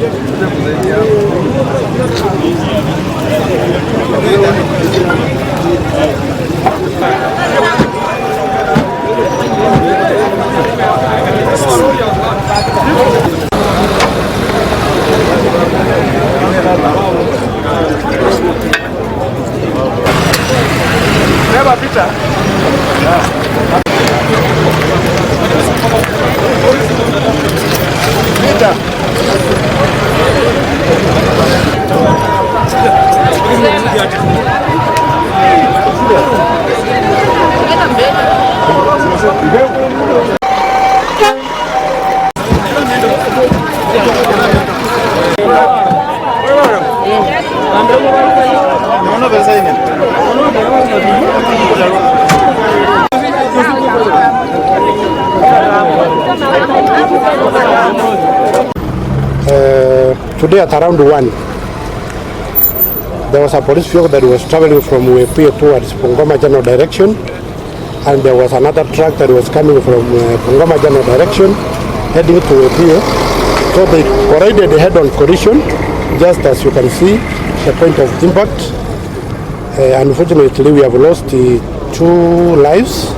Thank you. Uh, today at around one there was a police vehicle that was traveling from Wepio towards Pongoma General direction and there was another truck that was coming from uh, Pongoma General direction heading to Wepio. So they collided head-on collision just as you can see the point of impact uh, unfortunately we have lost uh, two lives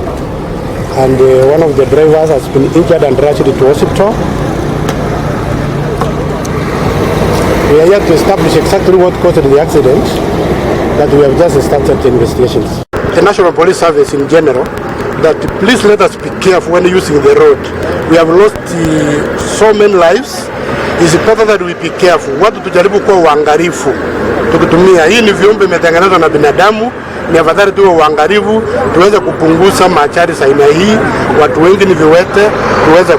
and uh, one of the drivers has been injured and rushed to hospital we are here to establish exactly what caused the accident that we have just started the investigations the national police service in general that please let us be careful when using the road we have lost uh, so many lives is better that we be careful. Watu tujaribu kuwa uangalifu tukitumia hii, ni viumbe imetengenezwa na binadamu, ni afadhali tuwe uangalifu, tuweze kupunguza machari za aina hii. Watu wengi ni viwete, tuweze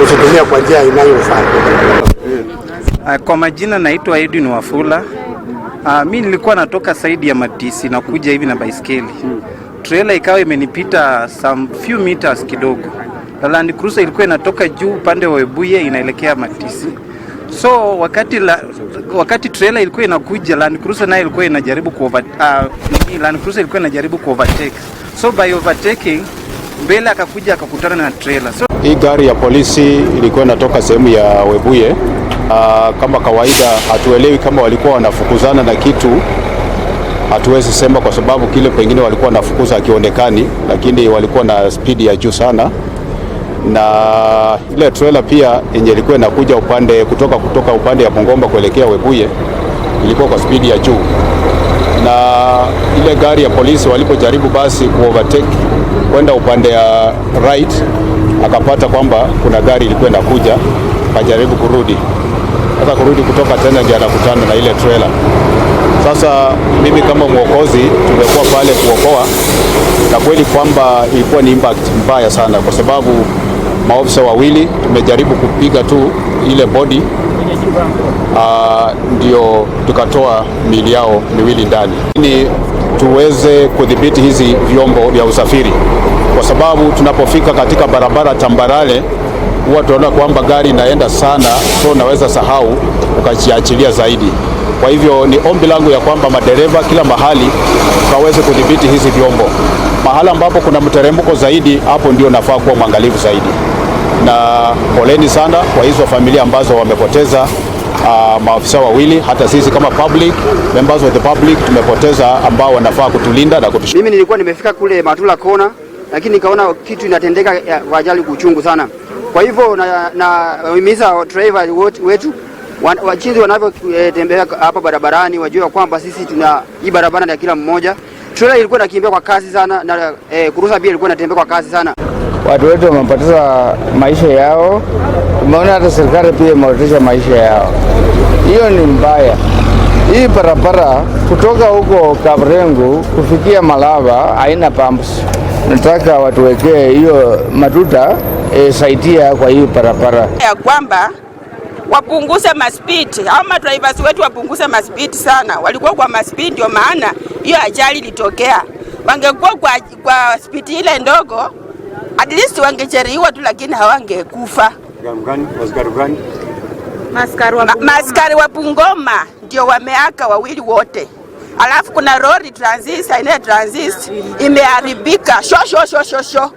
kuzitumia kwa njia inayofaa. Eh, eh, kwa majina naitwa Edwin Wafula. Uh, mi nilikuwa natoka saidi ya Matisi na kuja hivi na baiskeli, trailer ikawa imenipita some few meters kidogo na Land Cruiser ilikuwa inatoka juu upande wa Webuye inaelekea Matisi. So wakati la, wakati trailer ilikuwa inakuja Land Cruiser nayo ilikuwa inajaribu ku over, uh, Land Cruiser ilikuwa inajaribu ku overtake. So by overtaking mbele akakuja akakutana na trailer. So hii gari ya polisi ilikuwa inatoka sehemu ya Webuye. Uh, kama kawaida hatuelewi kama walikuwa wanafukuzana na kitu hatuwezi sema kwa sababu kile pengine walikuwa wanafukuza akionekani, lakini walikuwa na spidi ya juu sana na ile trailer pia yenye ilikuwa inakuja upande kutoka kutoka upande ya pongomba kuelekea Webuye ilikuwa kwa spidi ya juu, na ile gari ya polisi walipojaribu basi ku overtake kwenda upande ya right, akapata kwamba kuna gari ilikuwa inakuja, akajaribu kurudi. Sasa kurudi kutoka tena ndio anakutana na ile trailer. Sasa mimi kama mwokozi tumekuwa pale kuokoa, na kweli kwamba ilikuwa ni impact mbaya sana kwa sababu maofisa wawili, tumejaribu kupiga tu ile bodi ah, ndio tukatoa miili yao miwili ndani, ili tuweze kudhibiti hizi vyombo vya usafiri, kwa sababu tunapofika katika barabara tambarale huwa tunaona kwamba gari inaenda sana, so unaweza sahau ukajiachilia zaidi. Kwa hivyo ni ombi langu ya kwamba madereva kila mahali waweze kudhibiti hizi vyombo. Mahala ambapo kuna mteremko zaidi, hapo ndio nafaa kuwa mwangalifu zaidi na poleni sana kwa hizo familia ambazo wamepoteza uh, maafisa wawili. Hata sisi kama public members of the public tumepoteza ambao wanafaa kutulinda na kutushikilia. Mimi nilikuwa nimefika kule Matula Kona, lakini nikaona kitu inatendeka kwa ajali kuchungu sana. Kwa hivyo nawahimiza na, driver wetu wachinzi wanavyotembea hapa barabarani wajue kwamba sisi tuna hii barabara ya kila mmoja. Trailer ilikuwa inakimbia kwa kasi sana na e, eh, kurusa pia ilikuwa inatembea kwa kasi sana watu wetu wamepoteza maisha yao. Umeona hata serikali pia imepoteza maisha yao, hiyo ni mbaya. Hii barabara kutoka huko Kabrengu kufikia Malava haina pumps. Nataka watuwekee hiyo matuta e, saidia kwa hii barabara ya kwamba wapunguze maspiti au madrivers wetu wapunguze maspiti sana. Walikuwa kwa maspiti, ndio maana hiyo ajali ilitokea. Wangekuwa kwa, kwa spiti ile ndogo At least wangecheriwa tu, lakini hawangekufa. Maskari wa Bungoma, maskari wa Bungoma ndio wameaka wawili wote, alafu kuna lori transist, aina ya transist imeharibika shoshoshosho